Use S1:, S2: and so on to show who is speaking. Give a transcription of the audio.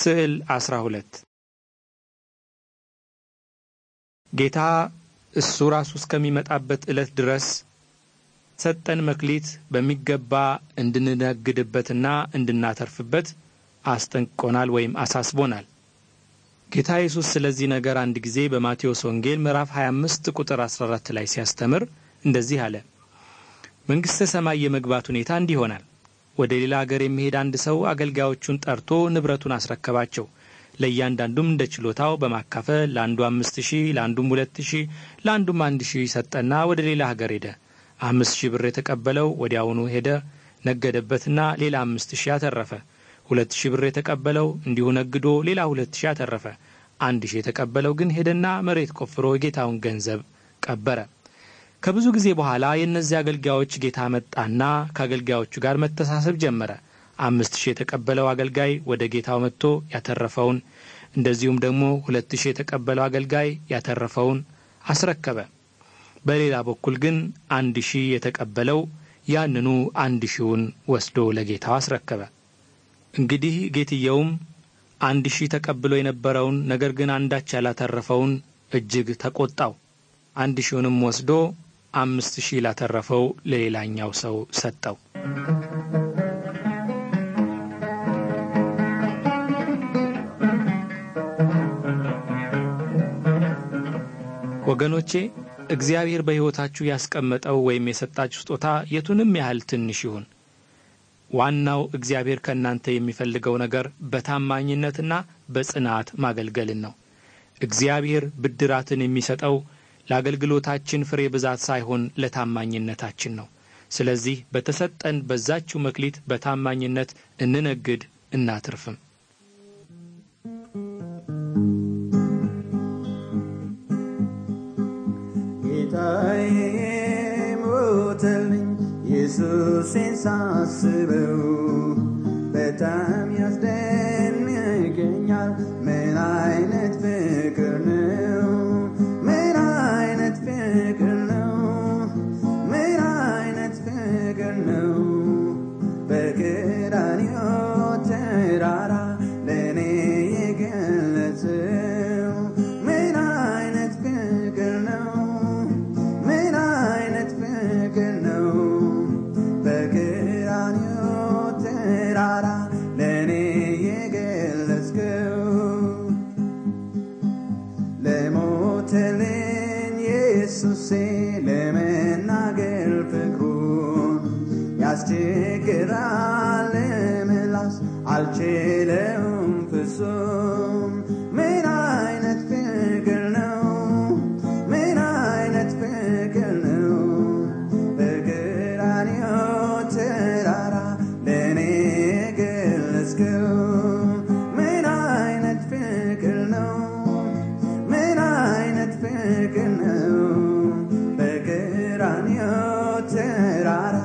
S1: ስዕል 12 ጌታ እሱ ራሱ እስከሚመጣበት ዕለት ድረስ ሰጠን መክሊት በሚገባ እንድንነግድበትና እንድናተርፍበት አስጠንቅቆናል ወይም አሳስቦናል። ጌታ ኢየሱስ ስለዚህ ነገር አንድ ጊዜ በማቴዎስ ወንጌል ምዕራፍ 25 ቁጥር 14 ላይ ሲያስተምር እንደዚህ አለ። መንግሥተ ሰማይ የመግባት ሁኔታ እንዲህ ይሆናል። ወደ ሌላ አገር የሚሄድ አንድ ሰው አገልጋዮቹን ጠርቶ ንብረቱን አስረከባቸው። ለእያንዳንዱም እንደ ችሎታው በማካፈል ለአንዱ አምስት ሺህ ለአንዱም ሁለት ሺህ ለአንዱም አንድ ሺህ ሰጠና ወደ ሌላ ሀገር ሄደ። አምስት ሺህ ብር የተቀበለው ወዲያውኑ ሄደ ነገደበትና ሌላ አምስት ሺህ አተረፈ። ሁለት ሺህ ብር የተቀበለው እንዲሁ ነግዶ ሌላ ሁለት ሺህ አተረፈ። አንድ ሺህ የተቀበለው ግን ሄደና መሬት ቆፍሮ የጌታውን ገንዘብ ቀበረ። ከብዙ ጊዜ በኋላ የእነዚህ አገልጋዮች ጌታ መጣና ከአገልጋዮቹ ጋር መተሳሰብ ጀመረ። አምስት ሺህ የተቀበለው አገልጋይ ወደ ጌታው መጥቶ ያተረፈውን እንደዚሁም ደግሞ ሁለት ሺህ የተቀበለው አገልጋይ ያተረፈውን አስረከበ። በሌላ በኩል ግን አንድ ሺህ የተቀበለው ያንኑ አንድ ሺውን ወስዶ ለጌታው አስረከበ። እንግዲህ ጌትየውም አንድ ሺህ ተቀብሎ የነበረውን ነገር ግን አንዳች ያላተረፈውን እጅግ ተቆጣው። አንድ ሺውንም ወስዶ አምስት ሺህ ላተረፈው ለሌላኛው ሰው ሰጠው። ወገኖቼ እግዚአብሔር በሕይወታችሁ ያስቀመጠው ወይም የሰጣችሁ ስጦታ የቱንም ያህል ትንሽ ይሁን፣ ዋናው እግዚአብሔር ከእናንተ የሚፈልገው ነገር በታማኝነትና በጽናት ማገልገልን ነው። እግዚአብሔር ብድራትን የሚሰጠው ለአገልግሎታችን ፍሬ ብዛት ሳይሆን ለታማኝነታችን ነው። ስለዚህ በተሰጠን በዛችው መክሊት በታማኝነት እንነግድ እናትርፍም።
S2: ጌታዬ ሞተልኝ ሳስበው በጣም ነው በቀራንዮ ተራራ ለእኔ የገለጸው ምን አይነት ፍቅር ነው ምን አይነት ፍቅር ነው በቀራንዮ ተራራ ለእኔ የገለጽከው ለሞተልኝ ኢየሱሴ ለመናገር ያስቸግራል ምላስ አልችለውም ፍጹም ምን አይነት ፍቅር ነው ምን አይነት ፍቅር ነው በገራንዮ ተራራ ለእኔ ገለጽከው ምን አይነት ፍቅር ነው ምን አይነት ፍቅር ነው በገራንዮ ተራራ